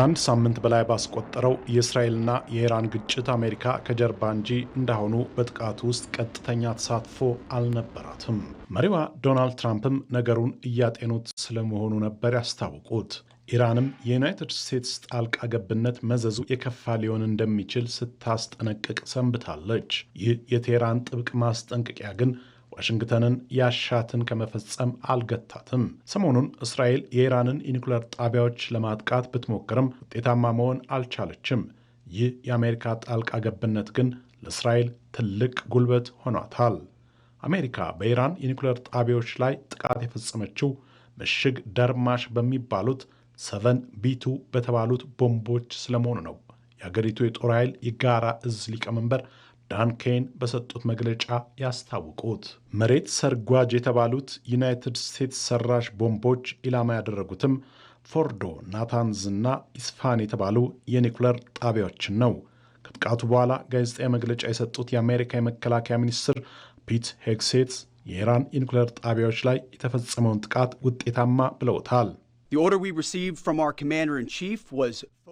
ከአንድ ሳምንት በላይ ባስቆጠረው የእስራኤልና የኢራን ግጭት አሜሪካ ከጀርባ እንጂ እንዳሁኑ በጥቃቱ ውስጥ ቀጥተኛ ተሳትፎ አልነበራትም። መሪዋ ዶናልድ ትራምፕም ነገሩን እያጤኑት ስለመሆኑ ነበር ያስታወቁት። ኢራንም የዩናይትድ ስቴትስ ጣልቃ ገብነት መዘዙ የከፋ ሊሆን እንደሚችል ስታስጠነቅቅ ሰንብታለች። ይህ የቴህራን ጥብቅ ማስጠንቀቂያ ግን ዋሽንግተንን ያሻትን ከመፈጸም አልገታትም። ሰሞኑን እስራኤል የኢራንን የኒኩሌር ጣቢያዎች ለማጥቃት ብትሞክርም ውጤታማ መሆን አልቻለችም። ይህ የአሜሪካ ጣልቃ ገብነት ግን ለእስራኤል ትልቅ ጉልበት ሆኗታል። አሜሪካ በኢራን የኒኩሌር ጣቢያዎች ላይ ጥቃት የፈጸመችው ምሽግ ደርማሽ በሚባሉት ሰቨን ቢቱ በተባሉት ቦምቦች ስለመሆኑ ነው። የአገሪቱ የጦር ኃይል የጋራ እዝ ሊቀመንበር ዳን ኬን በሰጡት መግለጫ ያስታውቁት። መሬት ሰርጓጅ የተባሉት ዩናይትድ ስቴትስ ሰራሽ ቦምቦች ኢላማ ያደረጉትም ፎርዶ፣ ናታንዝ እና ኢስፋን የተባሉ የኒኩለር ጣቢያዎችን ነው። ከጥቃቱ በኋላ ጋዜጣዊ መግለጫ የሰጡት የአሜሪካ የመከላከያ ሚኒስትር ፒት ሄግሴት የኢራን የኒኩለር ጣቢያዎች ላይ የተፈጸመውን ጥቃት ውጤታማ ብለውታል።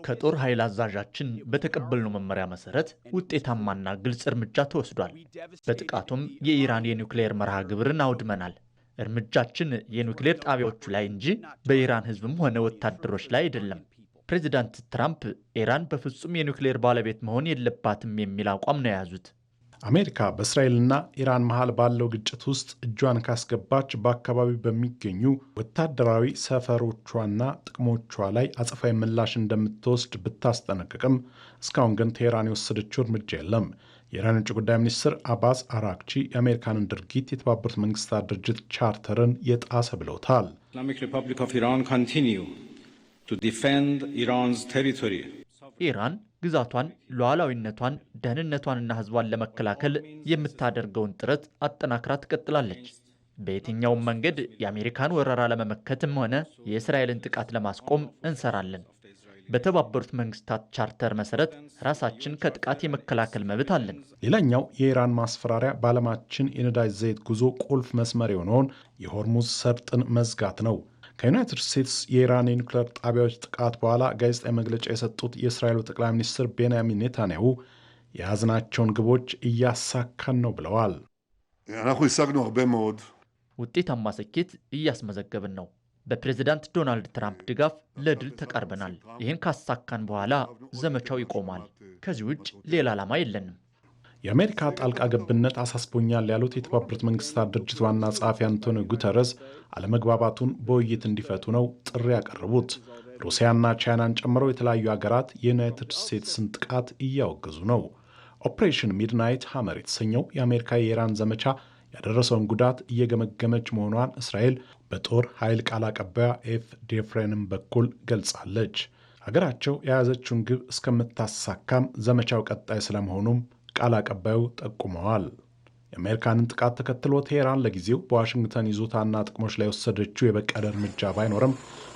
ከጦር ኃይል አዛዣችን በተቀበልነው መመሪያ መሰረት ውጤታማና ግልጽ እርምጃ ተወስዷል። በጥቃቱም የኢራን የኒውክሌር መርሃ ግብርን አውድመናል። እርምጃችን የኒውክሌር ጣቢያዎቹ ላይ እንጂ በኢራን ሕዝብም ሆነ ወታደሮች ላይ አይደለም። ፕሬዚዳንት ትራምፕ ኢራን በፍጹም የኒውክሌር ባለቤት መሆን የለባትም የሚል አቋም ነው የያዙት። አሜሪካ በእስራኤልና ኢራን መሃል ባለው ግጭት ውስጥ እጇን ካስገባች በአካባቢው በሚገኙ ወታደራዊ ሰፈሮቿና ጥቅሞቿ ላይ አጸፋዊ ምላሽ እንደምትወስድ ብታስጠነቅቅም እስካሁን ግን ቴህራን የወሰደችው እርምጃ የለም። የኢራን ውጭ ጉዳይ ሚኒስትር አባስ አራክቺ የአሜሪካንን ድርጊት የተባበሩት መንግስታት ድርጅት ቻርተርን የጣሰ ብለውታል። ኢስላሚክ ሪፐብሊክ ኦፍ ኢራን ኮንቲኒው ቱ ዲፌንድ ኢራንስ ቴሪቶሪ ኢራን ግዛቷን፣ ሉዓላዊነቷን፣ ደህንነቷንና ህዝቧን ለመከላከል የምታደርገውን ጥረት አጠናክራ ትቀጥላለች። በየትኛውም መንገድ የአሜሪካን ወረራ ለመመከትም ሆነ የእስራኤልን ጥቃት ለማስቆም እንሰራለን። በተባበሩት መንግስታት ቻርተር መሰረት ራሳችን ከጥቃት የመከላከል መብት አለን። ሌላኛው የኢራን ማስፈራሪያ በዓለማችን የነዳጅ ዘይት ጉዞ ቁልፍ መስመር የሆነውን የሆርሙዝ ሰርጥን መዝጋት ነው። ከዩናይትድ ስቴትስ የኢራን የኒውክሌር ጣቢያዎች ጥቃት በኋላ ጋዜጣዊ መግለጫ የሰጡት የእስራኤሉ ጠቅላይ ሚኒስትር ቤንያሚን ኔታንያሁ የያዝናቸውን ግቦች እያሳካን ነው ብለዋል። ውጤታማ ስኬት እያስመዘገብን ነው። በፕሬዚዳንት ዶናልድ ትራምፕ ድጋፍ ለድል ተቃርበናል። ይህን ካሳካን በኋላ ዘመቻው ይቆማል። ከዚህ ውጭ ሌላ ዓላማ የለንም። የአሜሪካ ጣልቃ ገብነት አሳስቦኛል ያሉት የተባበሩት መንግስታት ድርጅት ዋና ጸሐፊ አንቶኒ ጉተረስ አለመግባባቱን በውይይት እንዲፈቱ ነው ጥሪ ያቀረቡት። ሩሲያና ቻይናን ጨምሮ የተለያዩ ሀገራት የዩናይትድ ስቴትስን ጥቃት እያወገዙ ነው። ኦፕሬሽን ሚድናይት ሐመር የተሰኘው የአሜሪካ የኢራን ዘመቻ ያደረሰውን ጉዳት እየገመገመች መሆኗን እስራኤል በጦር ኃይል ቃል አቀባያ ኤፍ ዴፍሬንም በኩል ገልጻለች። ሀገራቸው የያዘችውን ግብ እስከምታሳካም ዘመቻው ቀጣይ ስለመሆኑም ቃል አቀባዩ ጠቁመዋል። የአሜሪካንን ጥቃት ተከትሎ ቴሄራን ለጊዜው በዋሽንግተን ይዞታና ጥቅሞች ላይ የወሰደችው የበቀል እርምጃ ባይኖርም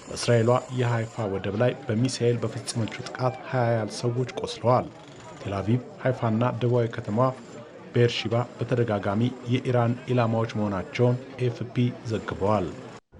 በእስራኤሏ የሃይፋ ወደብ ላይ በሚሳኤል በፈጸመችው ጥቃት ሀያ ያህል ሰዎች ቆስለዋል። ቴላቪቭ ሃይፋና ደቡባዊ ከተማዋ ቤርሺባ በተደጋጋሚ የኢራን ኢላማዎች መሆናቸውን ኤፍፒ ዘግበዋል።